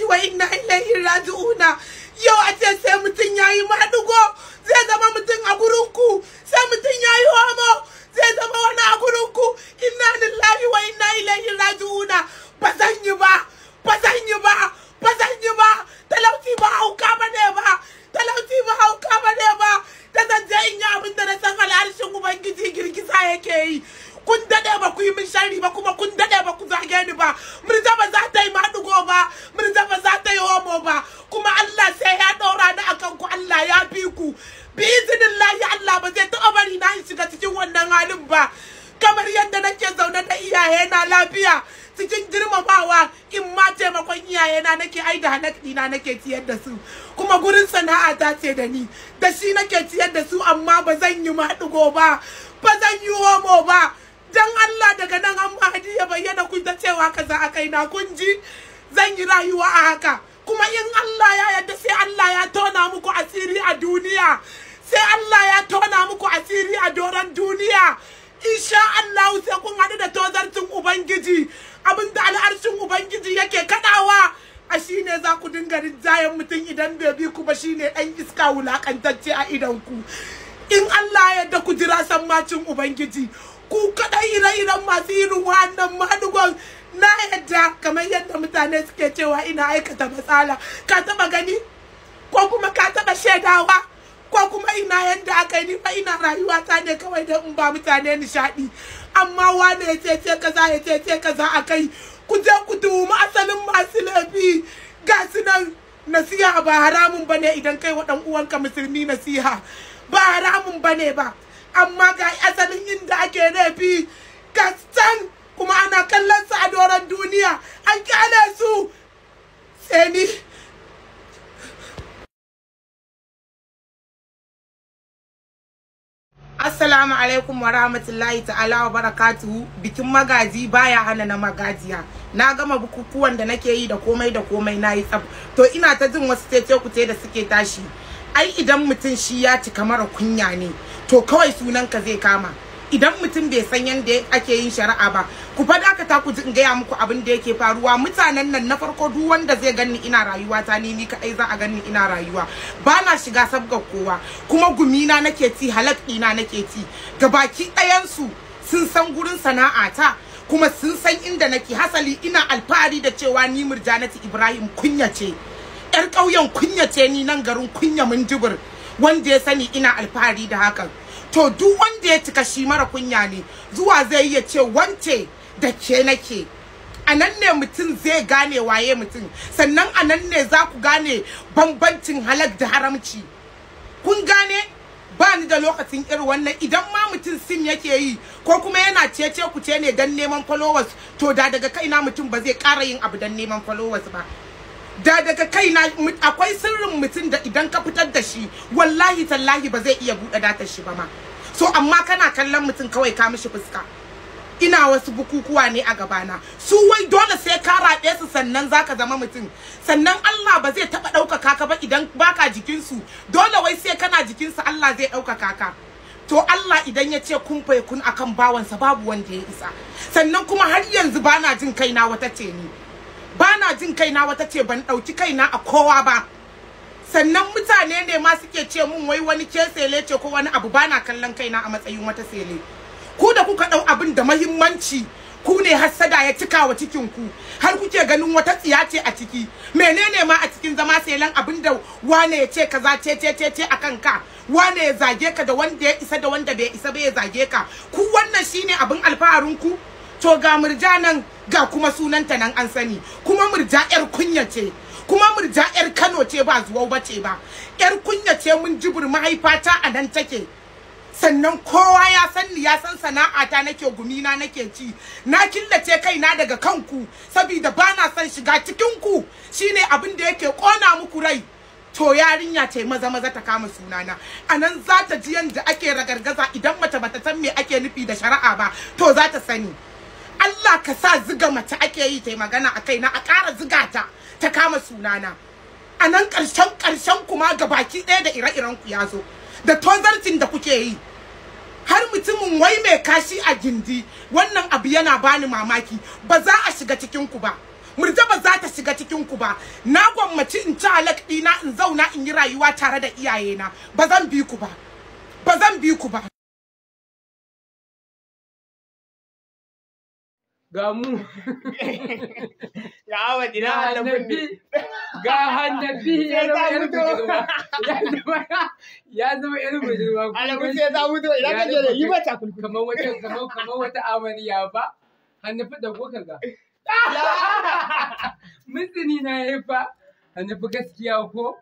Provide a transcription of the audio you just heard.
lillahi wa inna ilaihi raji'una yau a ce sai mutum yayi yi maɗugo zai zama mutum a gurinku sai mutum yayi homo zai zama wani a gurinku inna lillahi wa inna ilaihi raji'una ba ba ba zan yi ba ba zan yi ba talauci ba hauka ba ne ba talauci ba hauka ba ne ba da zan je in yi abin da na san al'arshin ubangiji girgiza yake yi kun daɗe ba ku yi min shari ba kuma kun daɗe ba ku zage ni ba mun ba za ta yi maɗugo ba zama za ta yi homo ba kuma Allah sai ya ɗaura ni akan ku Allah ya fi ku bi izinillahi Allah ba zai taɓa bari na shiga cikin wannan halin ba kamar yadda nake zaune da iyaye na lafiya cikin girmamawa in ma taimakon na nake ai da na nake ciyar da su kuma gurin sana'a ta ce da ni da shi nake ciyar da su amma ba zan yi maɗigo ba ba zan yi homo ba dan Allah daga nan an ma hadiya bayyana ku da cewa kaza a kaina kun ji zan yi rayuwa a haka kuma in Allah ya yarda sai Allah ya tona muku asiri a duniya sai Allah ya tona muku asiri a doron duniya insha Allah sai kun haɗu da tozarcin ubangiji abin da al'arshin ubangiji yake kadawa a shine za ku dinga rinjayen mutum idan bai bi ku ba shine ɗan iska wulakantacce a idan ku in Allah ya yarda ku jira sammacin ubangiji ku kaɗai ire-iren masu irin wannan madugon na yadda kamar yadda mutane suke cewa ina aikata matsala ka taɓa gani ko kuma ka taɓa shaidawa ko kuma ina yadda aka yi nifa ina rayuwa ta ne kawai don in ba mutane nishaɗi amma wane ya ce ce kaza ya ce ce kaza a kai ku je ku tuhumi asalin masu laifi ga su nan nasiha ba haramun bane idan kai wa ɗan uwanka musulmi nasiha ba haramun bane ba amma ga asalin inda ake laifi kastan kuma ana kallon su a doron duniya an kyale su tseni Assalamu alaikum wa rahmatullahi ta'ala wa barakatuhu bikin magaji baya hana na magajiya na gama bukukuwan da nake yi da komai da komai na yi tsab to ina ta jin wasu tece kuce da suke tashi ai idan mutum shi ya cika mara kunya ne to kawai sunanka zai kama idan mutum bai san yadda ake yin shari'a ba ku faɗa ka ta ku in gaya muku abin da yake faruwa mutanen nan na farko duk wanda zai ganni ina rayuwa ta ni ni kaɗai za a ganni ina rayuwa ba na shiga sabgar kowa kuma gumina nake ci halak ɗina nake ci gabaki ɗayansu sun san gurin ta kuma sun san inda nake hasali ina alfahari da cewa ni murjanati ibrahim kunya ce ƙauyen kunya ce ni nan garin kunya mundubur wanda ya sani ina alfahari da hakan to duk wanda ya cika shi mara kunya ne zuwa zai iya ce wance da ke nake a nan ne mutum zai gane waye mutum sannan a nan ne za ku gane bambancin halak da haramci kun gane ba ni da lokacin irin wannan idan ma mutum sim yake yi ko kuma yana cece ku ce ne dan neman followers to da daga kaina mutum ba zai ƙara yin abu dan neman followers ba da daga kaina akwai sirrin mutum da idan ka fitar da shi wallahi tallahi ba zai iya buɗe datar shi ba ma so amma kana kallon mutum kawai ka mishi fuska ina wasu bukukuwa ne a gabana su wai dole sai ka raɗe su sannan zaka zama mutum sannan Allah ba zai taɓa ɗaukaka ka ba idan baka jikinsu dole wai sai kana jikinsu Allah zai ɗaukaka ka to Allah idan ya ce kun kun akan bawansa babu wanda ya isa sannan kuma har yanzu bana jin kaina wata ce ni ba na jin kaina wata ce ban ɗauki kaina a kowa ba sannan mutane ne ma suke ce mun wai wani ke sele ce ko wani abu ba na kallon kaina a matsayin wata sele ku da kuka ɗau abin da mahimmanci ku ne hassada ya cika wa cikinku har kuke ganin wata tsiya ce a ciki menene ma a cikin zama selen abin da wane ya ce kaza ce ce ce ce akan ka wane ya zage ka da wanda ya isa da wanda bai isa ba ya zage ka ku wannan shine abin alfaharinku ku to ga murja nan ga kuma sunanta nan an sani kuma murja yar kunya ce kuma murja yar Kano ce ba zuwa bace ba yar kunya ce mun jibir mahaifata a nan take sannan kowa ya san ni ya san sana'ata nake na nake ci na killace kai na daga kanku saboda ba na son shiga cikin ku shine abin da yake kona muku rai to yarinya ce maza maza ta kama sunana anan za ta ji yanda ake ragargaza idan mace bata san me ake nufi da shari'a ba to za ta sani Allah ka sa ziga mace ake yi ta magana a kaina a ƙara ziga ta ta kama sunana a nan ƙarshen ƙarshen kuma ga baki ɗaya da ire-iren ku ya zo da tozartin da kuke yi har mutumin wai mai kashi a gindi wannan abu yana bani mamaki ba za a shiga cikin ku ba murja ba za ta shiga cikin ku ba na gwammaci in ci halak ɗina in zauna in yi rayuwa tare da iyayena ba zan bi ku ba ba zan bi ku ba ga mu ya awa ina annabi ga annabi ya zama irin bujirma ya zama irin sai ta mutu idan ka je da yi mata kamar wata kamar kamar wata amaniya ba annabi da ko kaga mutuni na yi fa annabi gaskiya ko